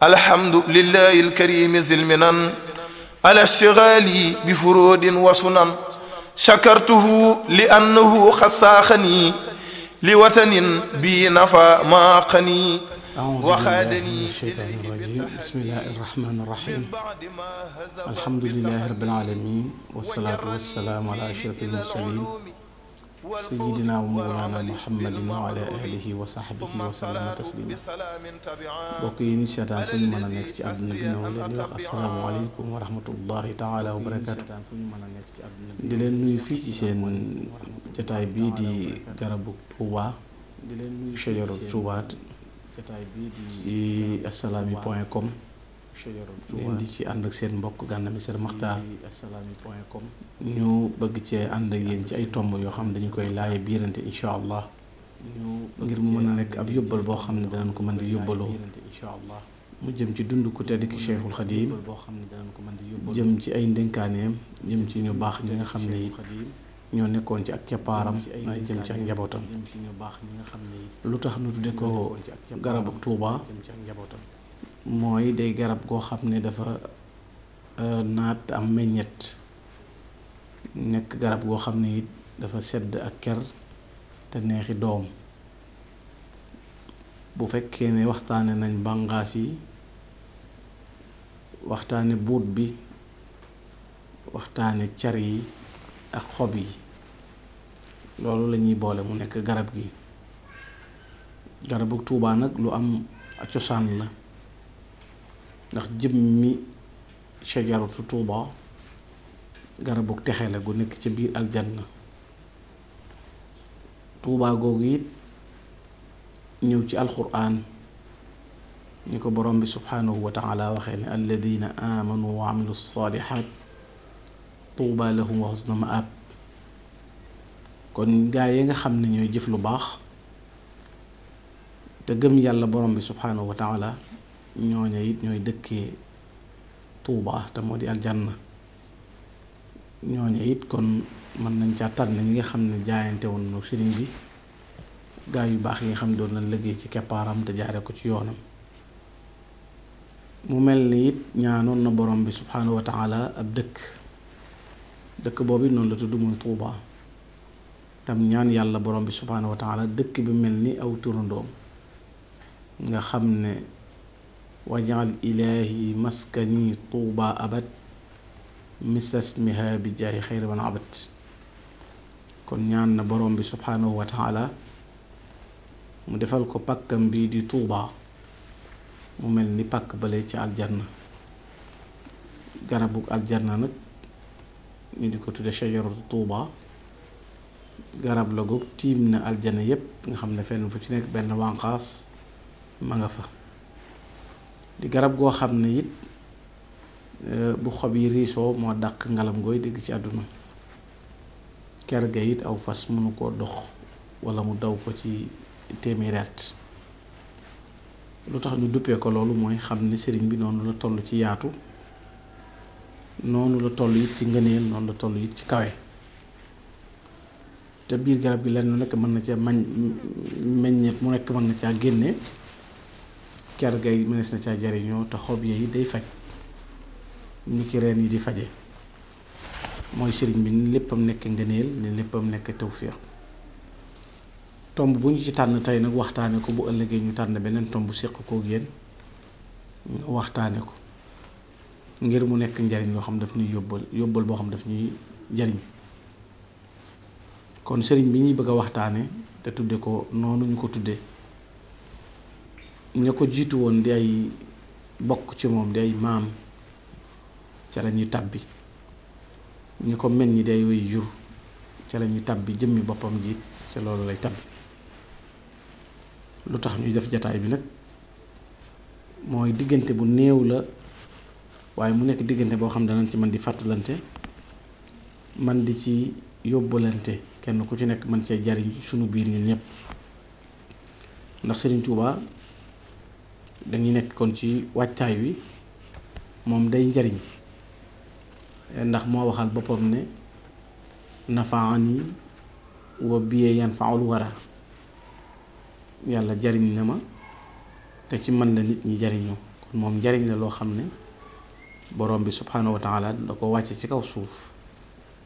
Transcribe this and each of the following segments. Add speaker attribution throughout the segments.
Speaker 1: alhamdu lillahi alkarimi zilminan ala shigali bi furodin wa sunan shakartuhu li annahu xasaaxani li watanin bi nafa maaqani waxaadani sheytaani rajim bismillahi irrahmani irrahim alhamdulilahi rabbil alamin wasalaatu wasalaamu ala ashraf almursalin sayyidina wa mawlana muhammadin wa ala alihi wa sahbihi wa sallama taslima bokk yi nit seetaan fu ñu mën a nekk ci àdduna bi ñoo ngi leen di wax asalaamaaleykum wa rahmatullahi taala wa barakaatu di leen nuyu fii ci seen jataay bii di garabu Touba shajaru Touba ci assalaami point com ngeen di ci ànd ak seen mbokk Gana Messere Maxtaar ñu bëgg ci ànd ak yéen ci ay tomb yoo xam ne dañu koy laaye biirante incha allah ngir mu mën a nekk ab yóbbal boo xam ne danañ ko mën di yóbbaloo mu jëm ci dund ku tedd ki Cheikhul Khadim jëm ci ay ndénkaaneem jëm ci ñu baax ñi nga xam ne yi ñoo nekkoon ci ak cappaaram waaye jëm ci ak njabootam lu tax nu tudde ko garabu Tuuba mooy day garab goo xam ne dafa euh, naat am meññet nekk garab goo xam ne it dafa sedd ak kër te neexi doom bu fekkee ne waxtaane nañ bàngaas yi waxtaane buut bi waxtaane car yi ak xob yi loolu lañuy boole mu nekk garab gi garabu tuubaa nag lu am cosaan la ndax jëmmi shajaratu tuuba garabug texe la gu nekk ci biir aljanna tuuba googu it ñëw ci alquran ñu ko borom bi subhanahu wa taala waxee ne alladina amanu wa amilu salihat tuuba lahum wa xusna maab kon gaa yi nga xam ne ñooy jëf lu baax te gëm yàlla borom bi subhanahu wa taala ñooña it ñooy dëkkee tuubaa te moo di aljanna ñooña it kon mën nañ caa tànn ñi nga xam ne jaayante woon na sëriñ bi gaa yu baax yi nga xam ne doon nañ liggéey ci keppaaram te jaare ko ci yoonam mu mel ni it ñaanoon na borom bi subhaanahu wa ab dëkk dëkk boobu noonu la tudd muy tuubaa tam ñaan yàlla borom bi subhaanahu wa dëkk bi mel ni aw turandoom nga xam ne wajal ilaahi maskani tuuba abad mislasmiha bi jaay xayri man abad kon ñaan na borom bi subhaanahu wa mu defal ko pàkkam bii di tuuba mu mel ni pàkk bale ci aljanna garabu aljanna nag ñu di ko tudde shajaratu tuuba garab la goog tiim na aljanna yépp nga xam ne fenn fu ci nekk benn wànqaas ma nga fa di garab goo xam ne it euh, bu xob yi riisoo moo dàq ngalam gooy dégg ci àdduna ker it aw fas mënu koo dox wala mu daw ko ci téeméeri lu tax ñu duppee ko loolu mooy xam ne sëriñ bi noonu la toll ci yaatu noonu la toll it ci ngëneel noonu la toll it ci kawe te biir garab gi lenn nekk mën na caa mañ meññeet mu nekk mën na caa génne ker gay mënees na caa jariñoo te xob yi day faj ñu ki reen yi di faje mooy sëriñ bi ni léppam nekk ngëneel ni léppam nekk tawféex tomb bu ñu ci tànn tey nag waxtaane ko bu ëllëgee ñu tànn beneen tomb séq koo yéen waxtaane ko ngir mu nekk njariñ loo xam daf ñuy yóbbal yóbbal boo xam daf ñuy njariñ kon sëriñ bi ñuy bëgg a waxtaane te tudde ko noonu ñu ko tudde ña ko jiitu woon di ay bokk ci moom di ay maam ca la tàbbi ñi ko mel ñi di ay way jur ca la ñuy tàbbi jëmmi boppam ji ca loolu lay tàbbi lu tax ñuy def jataay bi nag mooy diggante bu néew la waaye mu nekk diggante boo xam ne danañ ci man di fàttalante man di ci yóbbalante kenn ku ci nekk man cee jariñ sunu biir ñun ñëpp ndax Serigne Touba dañuy nekk kon ci waajtaay wi moom day njariñ ndax moo waxal boppam ne nafaani wa biyee fa faawul wara yàlla jariñ na ma te ci man la nit ñi jariñoo kon moom njariñ la loo xam ne boroom bi subhaanahu wa taala da ko wàcce ci kaw suuf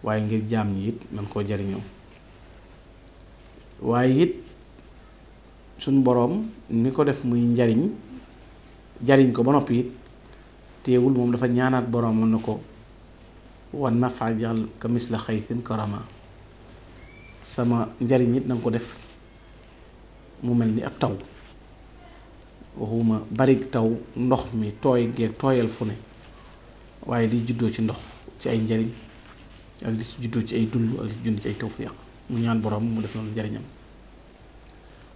Speaker 1: waaye ngir jaam ñi man koo jariñoo waaye it suñ boroom ni ko def muy njariñ jariñ ko ba nopp it teewul moom dafa ñaanaat boroomam na ko wan kamis la misla seen karama sama njariñ it nanga ko def mu mel ni ak taw waxuma barig taw ndox mi tooy geeg tooyal fu ne waaye li juddoo ci ndox ci ay njariñ ak li juddoo ci ay dund ak li jund ci ay tawfiq mu ñaan boroomam mu def loolu njariñam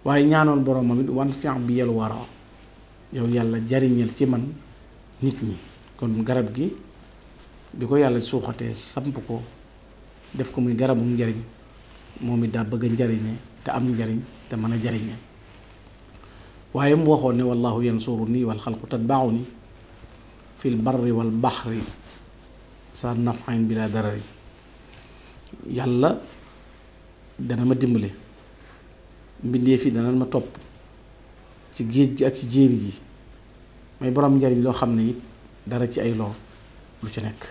Speaker 1: waaye ñaanoon boroomam it wan fian bi yel waroo yow yàlla jariñal ci man nit ñi kon garab gi bi ko yàlla suuxatee samp ko def ko muy garabu njariñ moom it daa bëgg a njariñe te am njariñ te mën a jariñe waaye mu waxoon ne wallahu yansuru nii wal xalqu tatbaawu ni fil barri wal baxri sa nafain bi laa darari yàlla dana ma dimbale mbindeef yi dana ma topp ci géej gi ak ci jéeri ji mooy borom njariñ loo xam ne it dara ci ay lor lu ci nekk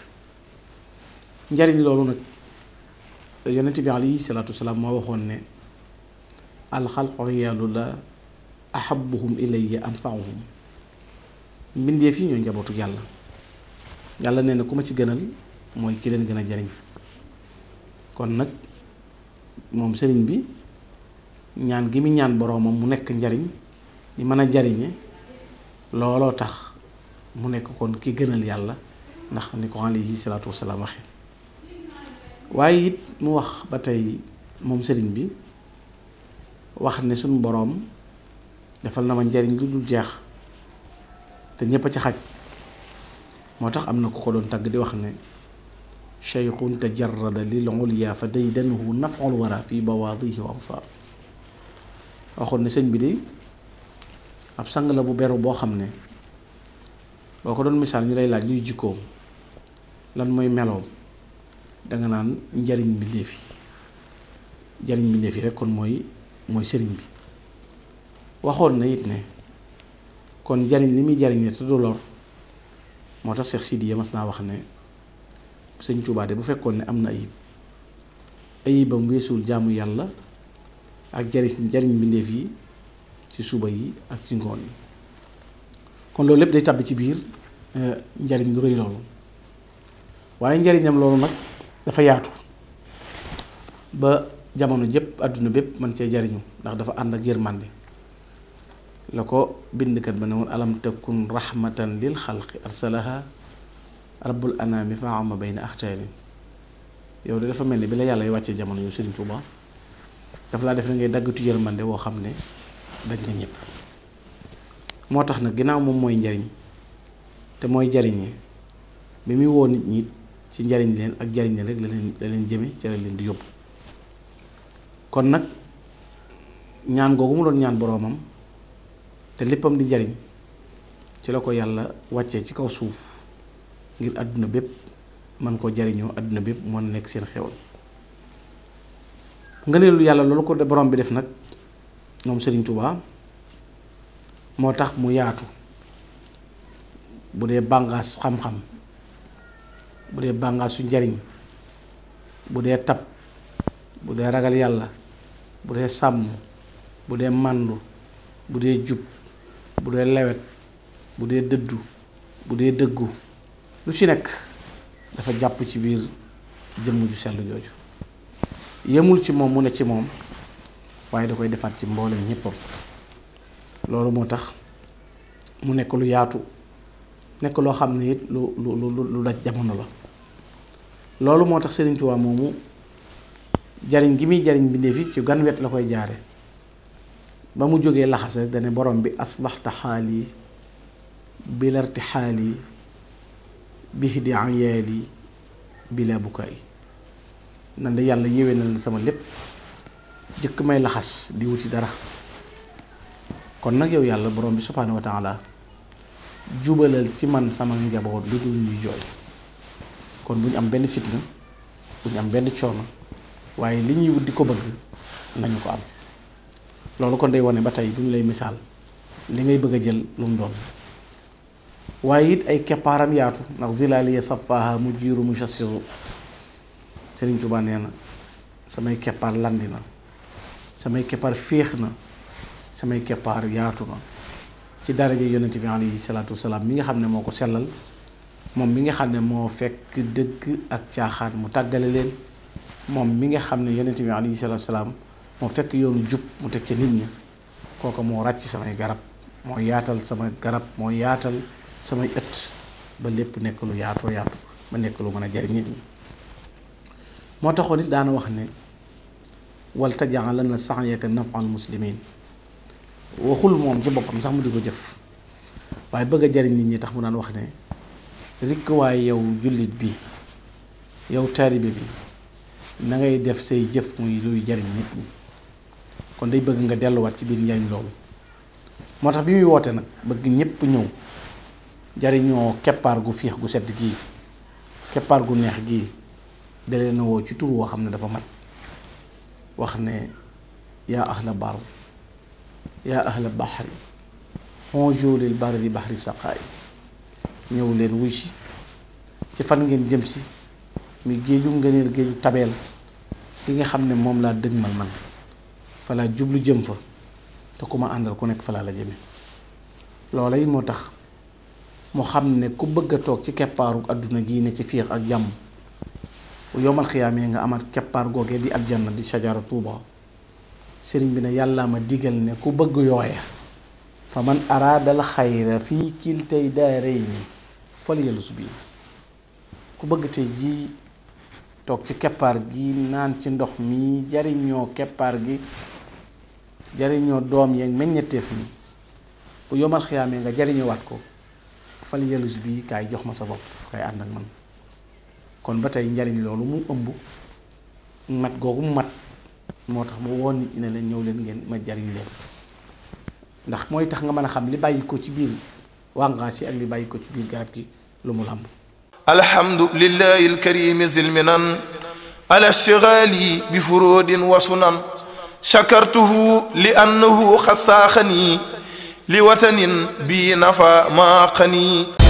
Speaker 1: njariñ loolu nag yonent bi alayhi salaatu wasalaam moo waxoon ne alxalqu iyaalullaa ahabuhum ilayya anfaahum mbindeef yi ñoo njabootu yàlla yàlla nee na ku ma ci gënal mooy kii leen gën a jariñ kon nag moom sëriñ bi ñaan gi mu ñaan boroomam mu nekk njariñ li mën a jariñe looloo tax mu nekk kon ki gënal yàlla ndax ni ko alayhi salaatu wasalaam waxe waaye it mu wax ba tey moom sëriñ bi wax ne suñu boroom defal na ma njariñ lu dul jeex te ñépp a ci xaj moo tax am na ku ko doon tagg di wax ne cheyxun tajarada lil ulya fa daydanuhu naful wara fi bawaadihi wa amsaar waxoon ne sëñ bi de ab sang la bu beru boo xam ne boo ko doon misaal ñu lay laaj luy jikkoom lan mooy meloom danga naan njariñ mbindéef yi njariñ mbindéef yi rek kon mooy mooy sëriñ bi waxoon na it ne kon njariñ li muy jariñ te du lor moo tax Cheikh Sidi mas naa wax ne sëñ Tuubaa de bu fekkoon ne am na ayib ayibam weesuwul jaamu yàlla ak jariñ njariñ mbindéef yi ci suba yi ak ci ngoon yi kon loolu lépp day tàbbi ci biir euh, njariñ lu rëy loolu waaye njariñam loolu nag dafa yaatu ba jamono jëpp àdduna bépp man cee jariñu ndax dafa ànd ak yërmande la ko bindkat ba ne woon alam takun rahmatan lil xalqi arsalaha rabbul anaami fa ama bayna axtaarin yow de dafa mel ni bi la yàlla y wàccee jamono yow Sëriñ Tuuba daf laa def na ngay daggatu yërmande woo xam ne daj na ñëpp moo tax nag ginnaaw moom mooy njariñ te mooy jariñe bi muy woo nit ñiit ci njariñ leen ak jariñ leen rek la leen la leen jëme ca la leen di yóbbu kon nag ñaan googu mu doon ñaan boroomam te léppam di njariñ ci la ko yàlla wàcce ci kaw suuf ngir àdduna bépp man ko jariñoo àdduna bépp moo nekk seen xewal nga ne yàlla loolu ko borom bi def nag moom Serigne Touba moo tax mu yaatu bu dee bàngaas xam-xam bu dee bàngaasu njariñ bu dee tab bu dee ragal yàlla bu dee sàmm bu dee màndu bu dee jub bu dee lawet bu dee dëddu bu dee dëggu lu ci nekk dafa jàpp ci biir jëmm ju sell jooju yemul ci moom mu ne ci moom waaye da koy defaat ci mboolem ñëppam loolu moo tax mu nekk lu yaatu nekk loo xam ne it lu lu lu daj jamono la loolu moo tax Serigne moomu jariñ gi muy jariñ bi yi ci ganwet wet la koy jaare ba mu jógee laxas rek dane borom bi asbaxta xaali bilarti xaali bihdi ayaali bila bukaay nan da yàlla yéwénal na sama lépp jëkk may laxas di wuti dara kon nag yow yàlla borom bi subhaanahu wa taala jubalal ci man sama njaboot lu dul ñuy jooy kon bu ñu am benn fitna bu ñu am benn coono waaye li ñuy wut di ko bëgg nañu ko am loolu kon day wone ba tey bu ñu lay misaal li ngay bëgg a jël lu mu doon waaye it ay keppaaram yaatu ndax zilaaliya safaha mu jiiru mu sasiru Sëriñ Tuubaa nee na samay keppaar landi samay keppaar féex na samay keppaar yaatu na ci dara daraja yonent bi alayhi salaatu salaam mi nga xam ne moo ko sellal moom mi nga xam ne moo fekk dëgg ak caaxaan mu tàggale leen moom mi nga xam ne yonent bi alayhi salaatu wasalaam moo fekk yoonu jub mu teg ca nit ñi kooka moo ràcc samay garab moo yaatal sama garab moo yaatal samay ëtt ba lépp nekk lu yaatoo yaatu ba nekk lu mën a jariñ nit ñi moo taxoon it daana wax ne la wal taj'alanna sa'yaka naf'al muslimin waxul moom ci boppam sax mu di ko jëf waaye bëgg jariñ nit ñi tax mu daan wax ne rikk waaye yow jullit bi yow taalibe bi na ngay def say jëf muy luy jariñ nit ñi kon day bëgg nga delluwaat ci biir njariñ loolu moo tax bi muy woote nag bëgg ñépp ñëw jariñoo keppaar gu fiix gu set gii keppaar gu neex gii dalee na woo ci tur woo xam ne dafa mat wax ne yaa ahla bar yaa ahla baxri onjo lil barri baxri saqaay ñëw leen wuy si ci fan ngeen jëm si mi géeju ngëneel géeju tabeel gi nga xam ne moom laa dëgmal man falaa jublu jëm fa te ku ma àndal ku nekk falaa la jëme loola yi moo tax mu xam ne ku bëgg a toog ci keppaaru àdduna gi ne ci fiix ak jàmm bu yomal xiyaamee nga amaat keppaar googee di aljanna di sajara tuuba sëriñ bi na yàlla ma diggal ne ku bëgg yooya fa man araadal xayra fii kiltay daarayni falyalus bi ku bëgg tey jii toog ci keppaar gi naan ci ndox mi jariñoo keppaar gi jariñoo doom yeeg meññeteef mi bu yomal xiyaamee nga jariñoowaat ko falyalus bi kaay jox ma sa bopp kaay ànd ak man kon ba tey njariñ loolu mu ëmb mat googu mu mat moo tax mu woon nit ñi ne leen ñëw leen ngeen ma jariñ leen ndax mooy tax nga mën a xam li bàyyi ci biir wàngaas ak li bàyyi ci biir garab gi lu mu làmb alhamdu lillahi alkarimi zilminan ala shigali bi furodin wa sunan li annahu xasaaxani li watanin bi nafa maaqani